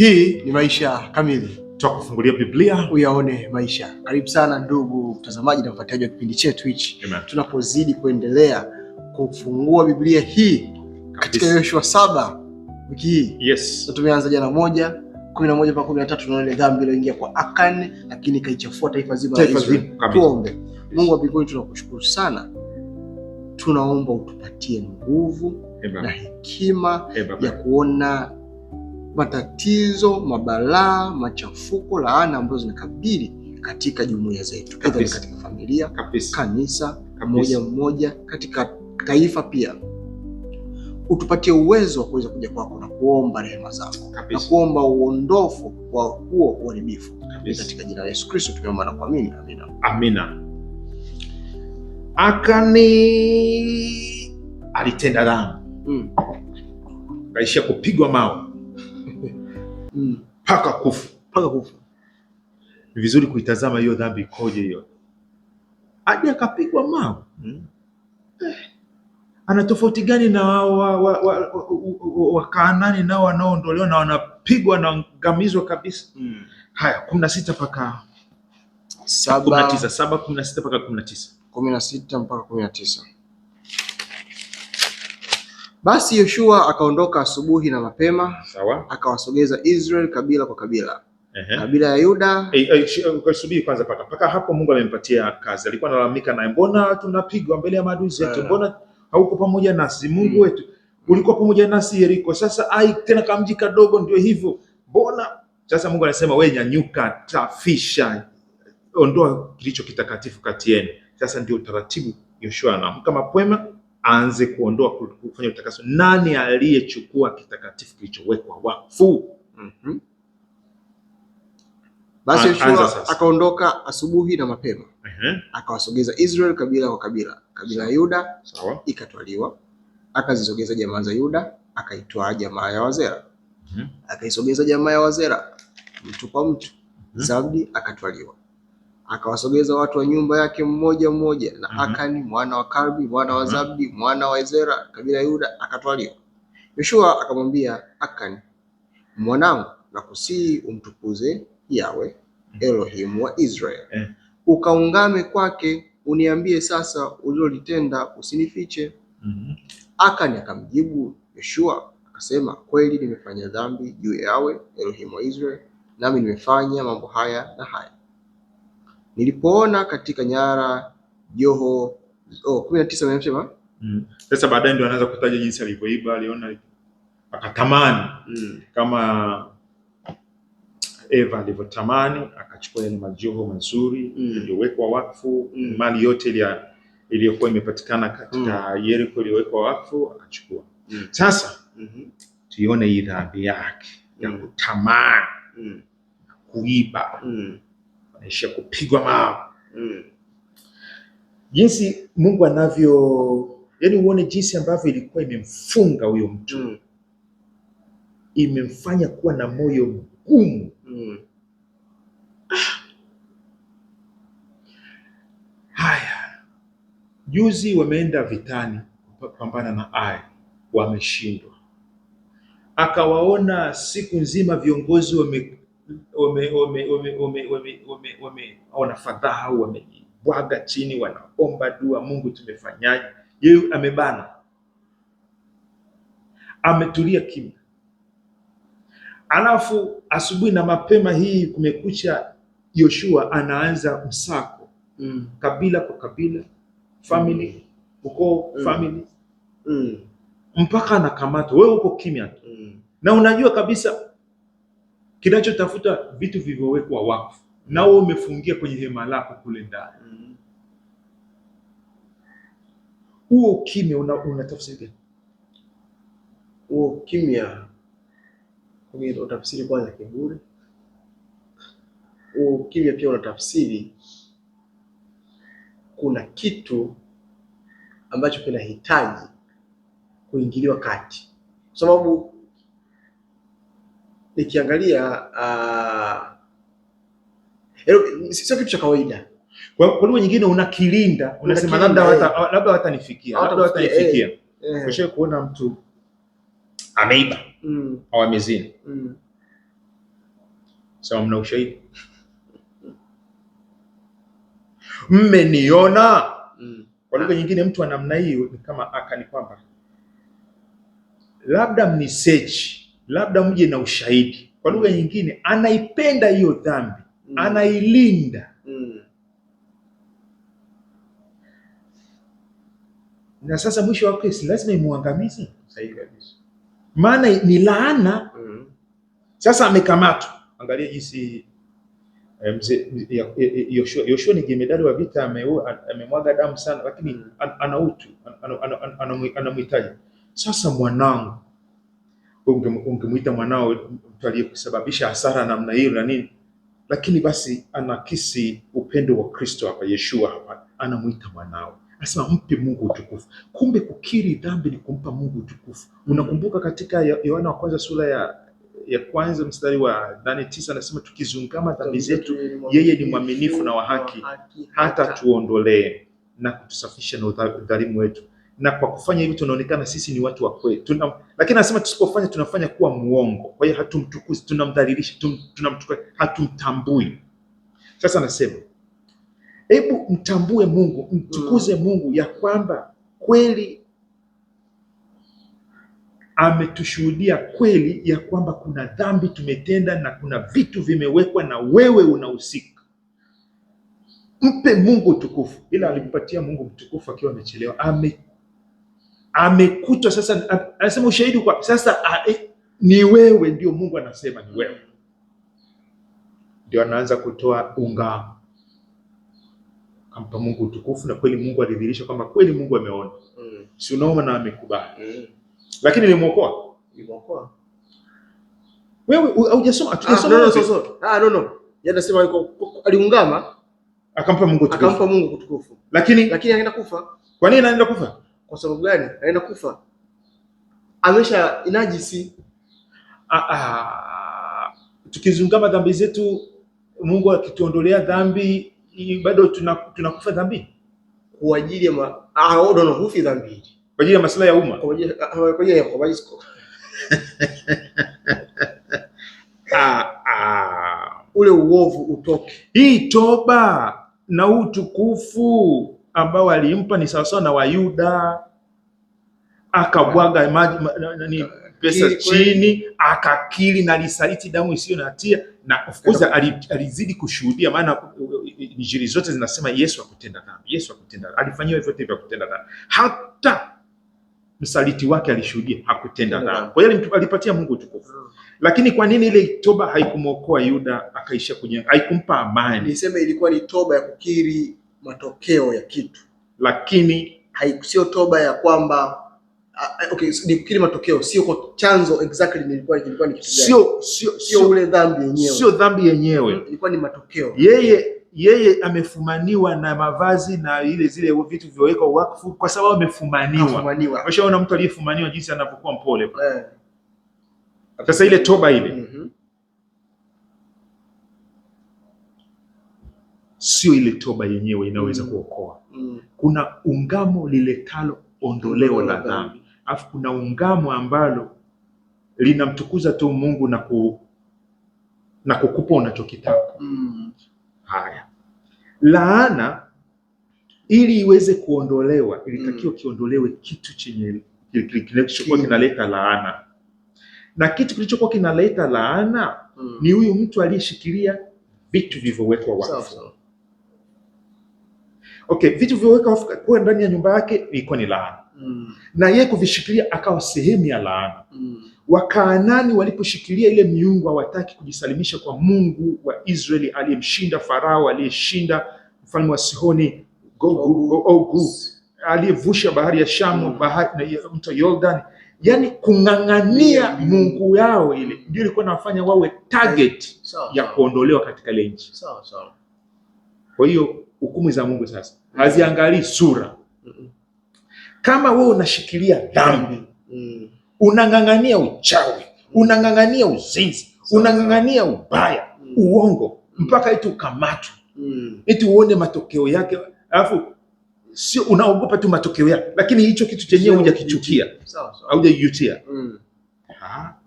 Hii ni Maisha Kamili, tutakufungulia Biblia uyaone maisha. Karibu sana ndugu mtazamaji na mfuatiliaji wa kipindi chetu hichi, tunapozidi kuendelea kufungua Biblia hii katika Yoshua saba wiki hii yes. Tumeanza jana moja kumi na moja mpaka kumi na tatu tunaona ile dhambi iliyoingia kwa Akani, lakini ikaichafua taifa zima la Israeli. Tuombe. Mungu wa mbinguni, tunakushukuru sana, tunaomba utupatie nguvu na hekima ya kuona matatizo, mabalaa, machafuko, laana ambazo zinakabili katika jumuiya zetu, aidha katika familia Kapis. kanisa mmoja mmoja, katika taifa pia. Utupatie uwezo wa kuweza kuja kwako na kuomba rehema zako na kuomba uondofu wa huo uharibifu katika jina la Yesu Kristo tumeomba na kuamini, amina. Amina. Akani alitenda dhambi, mm. kaishia kupigwa mawe mpaka mm. kufa mpaka kufa. Ni vizuri kuitazama hiyo dhambi ikoje, hiyo hadi akapigwa mawe mm. eh. Ana tofauti gani na wao Wakaanani wa, wa, wa, wa nao wanaoondolewa na wanapigwa na ngamizwa kabisa mm. Haya, kumi na sita mpaka kumi na tisa saba kumi na sita mpaka kumi na tisa kumi na sita mpaka kumi na tisa basi Yoshua akaondoka asubuhi na mapema, sawa, akawasogeza Israel kabila kwa kabila. Ehe. Kabila ya Yuda. E, subiri kwanza paka. Paka hapo Mungu amempatia kazi. Alikuwa analalamika naye, mbona tunapigwa mbele ya maadui zetu? Eh. Mbona hauko pamoja nasi Mungu hmm. wetu? Ulikuwa pamoja nasi Yeriko. Sasa ai tena kamji kadogo ndio hivyo. Mbona? Sasa Mungu anasema wewe nyanyuka, tafisha. Ondoa kilicho kitakatifu kati yenu. Sasa ndio utaratibu Yoshua anaamka mapema aanze kuondoa kufanya utakaso. Nani aliyechukua kitakatifu kilichowekwa wakfu? mm -hmm. Basi Yoshua akaondoka asubuhi na mapema uh -huh. akawasogeza Israel kabila kwa kabila, kabila ya Yuda sawa, ikatwaliwa. Akazisogeza jamaa za Yuda, akaitwaa jamaa ya Wazera uh mhm. -huh. akaisogeza jamaa ya Wazera mtu kwa mtu uh mhm. -huh. Zabdi akatwaliwa akawasogeza watu wa nyumba yake mmoja mmoja, na mhm. Akani mwana wa karbi mwana wa mhm. Zabdi mwana wa Ezera kabila Yuda akatwaliwa. Yoshua akamwambia Akani, mwanangu, nakusihi umtukuze Yawe mhm. Elohimu wa Israeli, eh. ukaungame kwake, uniambie sasa ulilolitenda, usinifiche. Akani akamjibu Yoshua akasema, kweli nimefanya dhambi juu yawe Elohim wa Israel, nami nimefanya mambo haya na haya nilipoona katika nyara Joho oh, kumi na tisa wanasema mm. Sasa baadaye ndio anaanza kutaja jinsi alivyoiba, aliona akatamani mm. kama Eva alivyotamani akachukua yale majoho mazuri mm. yaliyowekwa mm. wakfu mm. mali yote iliyokuwa imepatikana katika mm. Yeriko iliyowekwa wakfu akachukua mm. Sasa mm -hmm. tuione hii dhambi yake ya mm. kutamani mm. kuiba mm naishia kupigwa mawe mm. Jinsi Mungu anavyo, yani uone jinsi ambavyo ilikuwa imemfunga huyo mtu mm. imemfanya kuwa na moyo mgumu mm. ah. Haya, juzi wameenda vitani kupambana na Ai, wameshindwa. Akawaona siku nzima viongozi wame wana fadhaa wamejibwaga chini, wanaomba dua, Mungu tumefanyaje? Yeye amebana, ametulia kimya, alafu asubuhi na mapema hii kumekucha, Yoshua anaanza msako mm. kabila kwa kabila, family mm. ukoo, mm. family mm. mpaka anakamata. Wewe uko kimya mm. na unajua kabisa kinachotafuta vitu vilivyowekwa wakfu, na wewe umefungia kwenye hema lako kule ndani. Mm-hmm. Huo ukimya gani huo ukimya, utafsiri kwanza kiburi. Huo ukimya pia unatafsiri kuna kitu ambacho kinahitaji kuingiliwa kati, kwa sababu nikiangalia uh, sio kitu cha kawaida. Kwa lugha nyingine unakilinda, unasema labda eh. labda watanifikia, labda watanifikia. Eh, Kisha kuona mtu ameiba mm. au amezini. mm. Sawa, mna ushahidi? Mmeniona mm. Kwa lugha nyingine mtu wa namna hiyo ni kama aka ni kwamba labda mnisearch labda mje na ushahidi. Kwa lugha nyingine, anaipenda hiyo dhambi mm. anailinda mm. na sasa mwisho wa kesi lazima imuangamize. Sahihi kabisa, maana ni laana mm. Sasa amekamatwa, angalia jinsi eh, Yoshua, Yoshua ni jemedari wa vita, amemwaga damu sana, lakini mm. ana utu, anamhitaji. Sasa mwanangu ungemwita mwanao mtu aliyekusababisha hasara namna hiyo na nini, lakini basi anakisi upendo wa Kristo hapa. Yeshua hapa anamwita mwanao, anasema mpe Mungu utukufu. Kumbe kukiri dhambi ni kumpa Mungu utukufu. Unakumbuka katika Yohana wa kwanza sura ya ya kwanza mstari wa nane tisa anasema tukizungama dhambi zetu, yeye ni mwaminifu na wa haki hata tuondolee na kutusafisha na udhalimu wetu na kwa kufanya hivi tunaonekana sisi ni watu wa kweli tuna, lakini anasema tusipofanya tunafanya kuwa muongo. Kwa hiyo hatumtukuzi, tunamdhalilisha, tunamtukua, hatumtambui. Sasa anasema hebu mtambue Mungu, mtukuze mm. Mungu ya kwamba kweli ametushuhudia kweli ya kwamba kuna dhambi tumetenda na kuna vitu vimewekwa na wewe unahusika. Mpe Mungu utukufu, ila alimpatia Mungu mtukufu akiwa amechelewa ame amekutwa sasa, anasema ushahidi kwa sasa a, ah, e, eh, ni wewe ndio Mungu anasema ni wewe ndio, anaanza kutoa unga kampa Mungu utukufu, na kweli Mungu alidhihirisha kwamba kweli Mungu ameona, mm. si unaona na amekubali, mm. lakini nilimwokoa, nilimwokoa wewe, hujasoma hatujasoma, ah, no, no, so, so. ah, no, no. Yeye anasema aliungama akampa Mungu utukufu, akampa Mungu utukufu, lakini lakini anaenda kufa. Kwa nini anaenda kufa? Kwa sababu gani? Anaenda kufa, amesha inajisi. Ah, ah. Tukizungama dhambi zetu, Mungu akituondolea dhambi bado tunakufa tuna dhambi kwa ajili ya ma... ah, dono ah, oh, hufi dhambi kwa ajili ya masuala ya umma, kwa ajili kwa ajili ya ah, ah, ule uovu utoke. Hii toba na utukufu ambao alimpa ni sawasawa na Wayuda, akabwaga maji nani pesa chini, akakiri na alisaliti damu isiyo na hatia, na of course alizidi kushuhudia, maana eh, eh, injili zote zinasema Yesu akutenda dhambi, Yesu akutenda, alifanyiwa vyote vya kutenda dhambi, hata msaliti wake alishuhudia hakutenda dhambi. Kwa hiyo alipatia Mungu utukufu. Mm. Lakini kwa nini ile toba haikumwokoa Yuda akaisha kunyanga, Haikumpa amani. Niseme ilikuwa ni toba ya kukiri matokeo ya kitu, lakini sio toba ya kwamba okay, so, nikukiri matokeo sio kwa chanzo exactly nilikuwa nilikuwa ni kitu gani, sio sio sio ule dhambi yenyewe, sio dhambi yenyewe ilikuwa ni matokeo yeye yeye amefumaniwa na mavazi na ile zile vitu vilivyowekwa wakfu, kwa sababu amefumaniwa. Ameshaona mtu aliyefumaniwa jinsi anapokuwa mpole eh. Sasa ile toba ile mm. sio ile toba yenyewe inayoweza mm. kuokoa. Mm. Kuna ungamo liletalo ondoleo la dhambi, alafu kuna ungamo ambalo linamtukuza tu Mungu na, ku, na kukupa unachokitaka. Mm. Haya, laana ili iweze kuondolewa ilitakiwa mm. kiondolewe kitu chenye kilichokuwa kinaleta laana, na kitu kilichokuwa kinaleta laana mm. ni huyu mtu aliyeshikilia vitu vilivyowekwa wakfu Okay, vitu vyoweka kuwa ndani ya nyumba yake ilikuwa ni laana mm. na yeye kuvishikilia akawa sehemu ya laana mm. Wakaanani waliposhikilia ile miungu hawataki kujisalimisha kwa Mungu wa Israeli aliyemshinda Farao, aliyeshinda mfalme wa Sihoni Gogu, Ogu, aliyevusha bahari ya Shamu, mm. bahari na mto Yordani. Yani kung'ang'ania Mungu mm. yao ile ndio ilikuwa inawafanya wawe target ya kuondolewa katika ile nchi. Kwa hiyo hukumu za Mungu sasa haziangalii sura. Kama wewe unashikilia dhambi, mm. unang'ang'ania uchawi, unang'ang'ania uzinzi, unang'ang'ania ubaya, mm. uongo, mpaka eti ukamatwe, mm. eti uone matokeo yake, alafu sio unaogopa tu matokeo yake, lakini hicho kitu chenyewe hujakichukia, haujajutia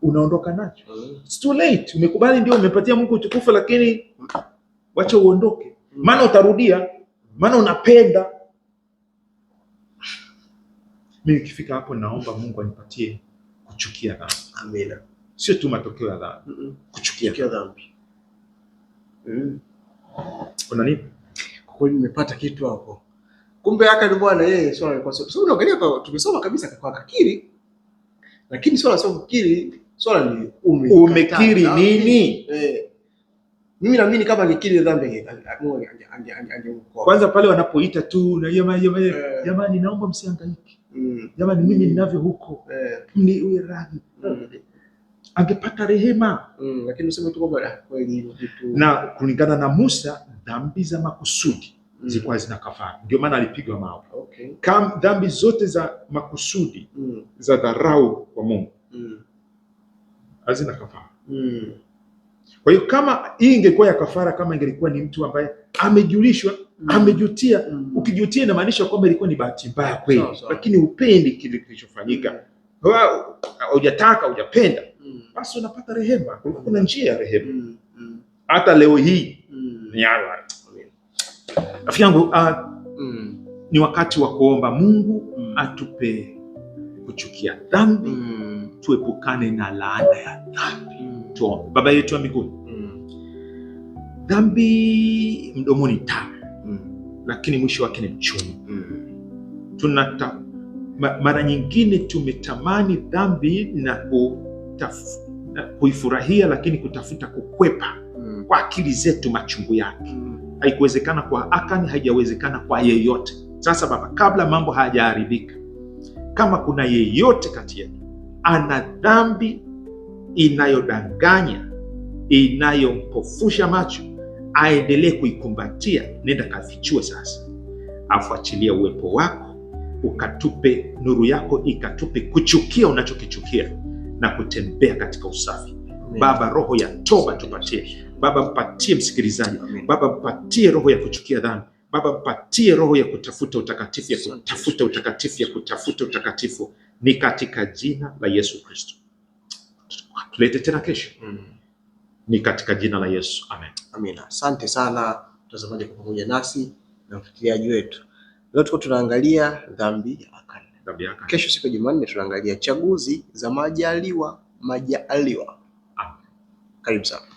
unaondoka nacho. It's too late. Umekubali, ndio umepatia Mungu utukufu, lakini wacha uondoke maana utarudia, maana unapenda. Mimi ikifika hapo, naomba Mungu anipatie kuchukia dhambi. Amina. Sio tu matokeo ya dhambi mm -mm. Kuchukia dhambi mm. Kuna nini? kwa kweli, nimepata kitu hapo. Kumbe haka ni bwana yeye, sio alikuwa sio sio, unaangalia kwa tumesoma kabisa kwa kakiri, lakini swala sio kukiri, sio ni umekiri nini eh mimi naamini kama nikiri dhambi kwanza pale wanapoita tu na jamani, eh. jamani, naomba msihangaike mm. jamani, mimi ninavyo huko, eh. uwe radhi. Mm. Angepata rehema, mm, ah, na kulingana na Musa dhambi za makusudi zilikuwa zina kafara, ndio maana alipigwa mawe. Okay. dhambi zote za makusudi mm. za dharau kwa Mungu hazina kafara mm. Kwa hiyo kama hii ingekuwa ya kafara, kama ingelikuwa ni mtu ambaye amejulishwa mm. amejutia mm. Ukijutia inamaanisha kwamba ilikuwa ni bahati mbaya kweli so, so. Lakini upendi kile kilichofanyika, mm. hujataka hujapenda mm. basi unapata rehema. kuna njia ya rehema mm. hata mm. leo hii mm. rafiki yangu uh, mm. ni wakati wa kuomba Mungu mm. atupe kuchukia dhambi mm. tuepukane na laana ya dhambi tuombe. Baba yetu wa mbinguni mm. dhambi mdomoni tano mm. lakini mwisho wake ni mchungu mm. tunata ma, mara nyingine tumetamani dhambi na kuifurahia lakini kutafuta kukwepa mm. kwa akili zetu machungu yake mm. haikuwezekana kwa Akani, haijawezekana kwa yeyote. Sasa Baba, kabla mambo hayajaharibika, kama kuna yeyote kati yetu ana dhambi inayodanganya, inayompofusha macho aendelee kuikumbatia. Nenda kafichue sasa, afu uwepo wako ukatupe nuru yako ikatupe kuchukia unachokichukia na kutembea katika usafi. Baba, roho ya toba tupatie Baba, mpatie msikilizaji Baba, mpatie roho ya kuchukia dhambi Baba, mpatie roho ya kutafuta utakatifu ya kutafuta utakatifu ya kutafuta utakatifu, ni katika jina la Yesu Kristo tulete tena kesho mm. Ni katika jina la Yesu amen. Amina. Asante sana mtazamaji kwa pamoja nasi na mfuatiliaji wetu. Leo tuko tunaangalia dhambi ya Akani. Dhambi ya Akani. Kesho siku ya Jumanne tunaangalia chaguzi za majaliwa majaliwa. Karibu sana.